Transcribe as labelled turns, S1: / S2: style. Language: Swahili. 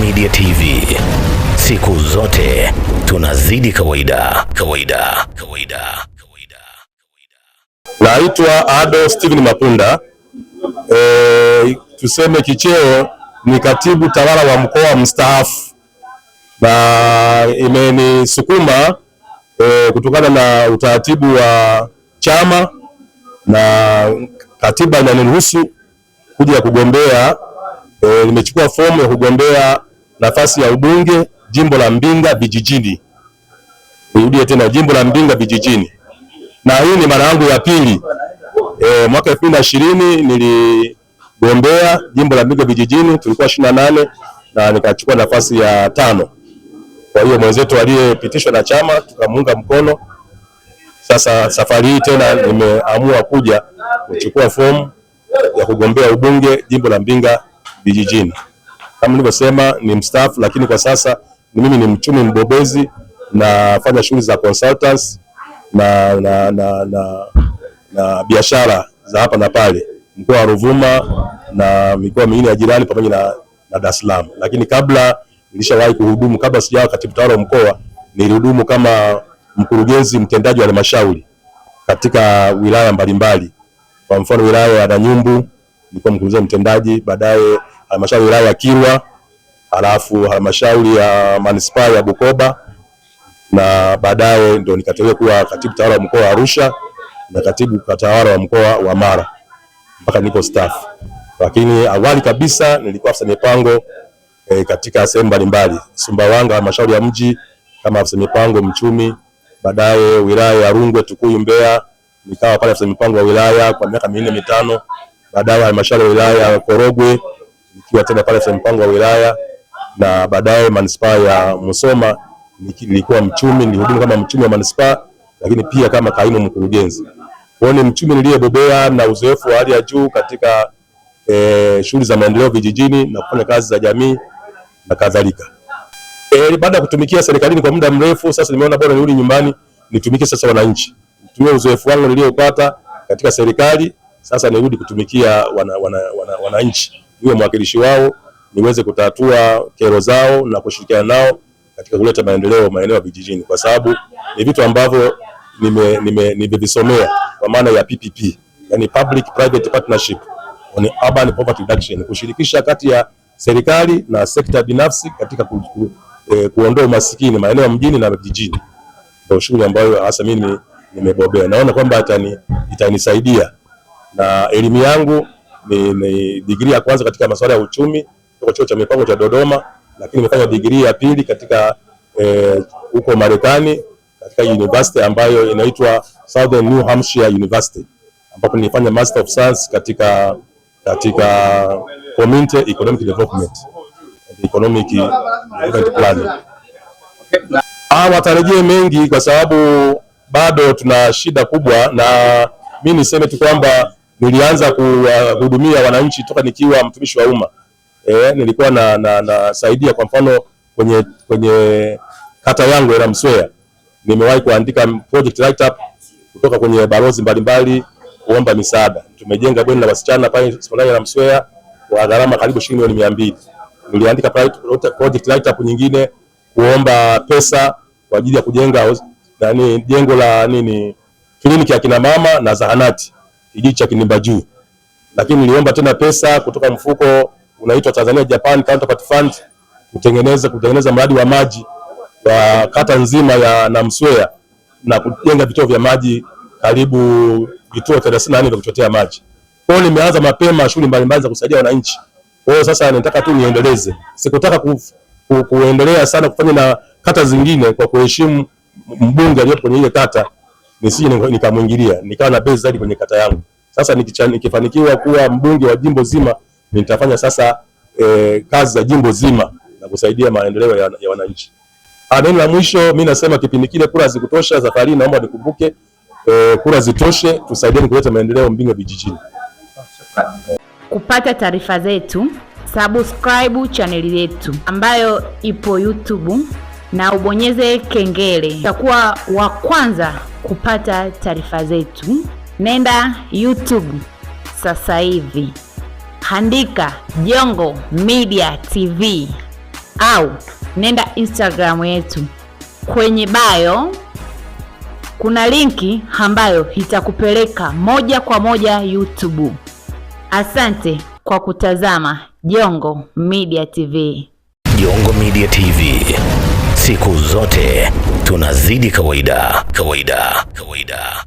S1: Media TV, siku zote tunazidi kawaida kawaida kawaida kawaida.
S2: Naitwa Ado Steven Mapunda. E, tuseme kicheo ni katibu tawala wa mkoa mstaafu, na imenisukuma e, kutokana na utaratibu wa chama na katiba inaniruhusu kuja kugombea. E, nimechukua fomu ya kugombea nafasi ya ubunge jimbo la Mbinga vijijini. Nirudie tena jimbo la Mbinga vijijini, na hii ni mara yangu ya pili. E, mwaka elfu mbili na ishirini niligombea jimbo la Mbinga vijijini, tulikuwa ishirini na nane na nikachukua nafasi ya tano. Kwa hiyo mwenzetu aliyepitishwa na chama tukamuunga mkono. Sasa safari hii tena nimeamua kuja kuchukua fomu ya kugombea ubunge jimbo la Mbinga vijijini kama nilivyosema ni mstaafu, lakini kwa sasa mimi ni mchumi mbobezi, nafanya shughuli za consultants na, na, na, na, na biashara za hapa na pale mkoa wa Ruvuma na mikoa mingine ya jirani pamoja na, na Dar es Salaam, lakini kabla nilishawahi kuhudumu, kabla sijawa katibu tawala wa mkoa nilihudumu kama mkurugenzi mtendaji wa halmashauri katika wilaya mbalimbali. Kwa mfano wilaya ya Nanyumbu nilikuwa mkurugenzi mtendaji, baadaye halmashauri ya wilaya ya Kilwa, halafu halmashauri ya manispaa ya Bukoba na baadaye ndo nikateuliwa kuwa katibu tawala wa mkoa wa Arusha na katibu tawala wa mkoa wa Mara mpaka niko staff. Lakini awali kabisa nilikuwa afisa mipango e, katika sehemu mbalimbali Sumbawanga, halmashauri ya mji kama afisa mipango mchumi, baadaye wilaya ya Rungwe, Tukuyu, Mbeya nikawa pale afisa mipango wa wilaya kwa miaka minne mitano, baadaye halmashauri ya wilaya ya Korogwe nikiwa tena pale sehemu mpango wa wilaya na baadaye manispaa ya Musoma. Nilikuwa mchumi, nilihudumu kama mchumi wa manispaa, lakini pia kama kaimu mkurugenzi. Kwa ni mchumi niliyebobea na uzoefu wa hali ya juu katika e, shughuli za maendeleo vijijini na kufanya kazi za jamii na kadhalika. Eh, baada ya kutumikia serikalini kwa muda mrefu sasa, nimeona bora nirudi nyumbani nitumike sasa wananchi, nitumie uzoefu wangu niliyopata katika serikali, sasa nirudi kutumikia wananchi wana, wana, wana niwe mwakilishi wao niweze kutatua kero zao na kushirikiana nao katika kuleta maendeleo maeneo ya vijijini, kwa sababu ni vitu ambavyo nimevisomea nime, kwa maana ya PPP, yani public private partnership on urban poverty reduction, kushirikisha kati ya serikali na sekta binafsi katika ku, ku, eh, kuondoa umasikini maeneo ya mjini na vijijini. Ndio shughuli ambayo hasa mimi nimebobea, naona kwamba itanisaidia na elimu yangu ni, ni digrii ya kwanza katika masuala ya uchumi kutoka chuo cha mipango cha Dodoma, lakini nimefanya digrii ya pili katika eh, huko eh, Marekani katika university ambayo inaitwa Southern New Hampshire University ambapo nilifanya Master of Science katika katika Community Economic Development and Economic Development Planning. Ah, watarejee mengi kwa sababu bado tuna shida kubwa, na mimi niseme tu kwamba nilianza kuhudumia wananchi toka nikiwa mtumishi wa umma e, nilikuwa na, na, na saidia kwa mfano kwenye, kwenye kata yangu ya Mswea nimewahi kuandika project write up kutoka kwenye balozi mbalimbali kuomba misaada. Tumejenga bweni la wasichana pale sekondari ya Mswea kwa gharama karibu shilingi milioni 200. Niliandika project write up nyingine kuomba pesa kwa ajili ya kujenga nani jengo la nini kliniki ya kina mama na zahanati kijiji cha Kinimba Juu, lakini niliomba tena pesa kutoka mfuko unaitwa Tanzania Japan Counterpart Fund kutengeneza kutengeneza mradi wa maji wa kata nzima ya Namswea na kujenga vituo vya maji karibu vituo 34 vya kuchotea maji. Kwa hiyo nimeanza mapema shughuli mbalimbali za kusaidia wananchi. Kwa hiyo sasa nataka tu niendeleze. Sikutaka ku, ku, kuendelea sana kufanya na kata zingine kwa kuheshimu mbunge aliyepo kwenye ile kata nisije nikamwingilia nikawa na base zaidi kwenye kata yangu. Sasa nikifanikiwa kuwa mbunge wa jimbo zima, nitafanya sasa e, kazi za jimbo zima na kusaidia maendeleo ya, ya wananchi. Ah, neno la mwisho mi nasema kipindi kile kura zikutosha, safari naomba nikumbuke, e, kura zitoshe, tusaidieni kuleta maendeleo Mbinga vijijini.
S3: Kupata taarifa zetu, subscribe chaneli yetu ambayo ipo YouTube na ubonyeze kengele, utakuwa wa kwanza kupata taarifa zetu. Nenda YouTube sasa hivi, andika Jongo Media TV au nenda Instagram yetu, kwenye bayo kuna linki ambayo itakupeleka moja kwa moja YouTube. Asante kwa kutazama Jongo Media TV. Jongo Media TV. Siku zote tunazidi kawaida kawaida kawaida.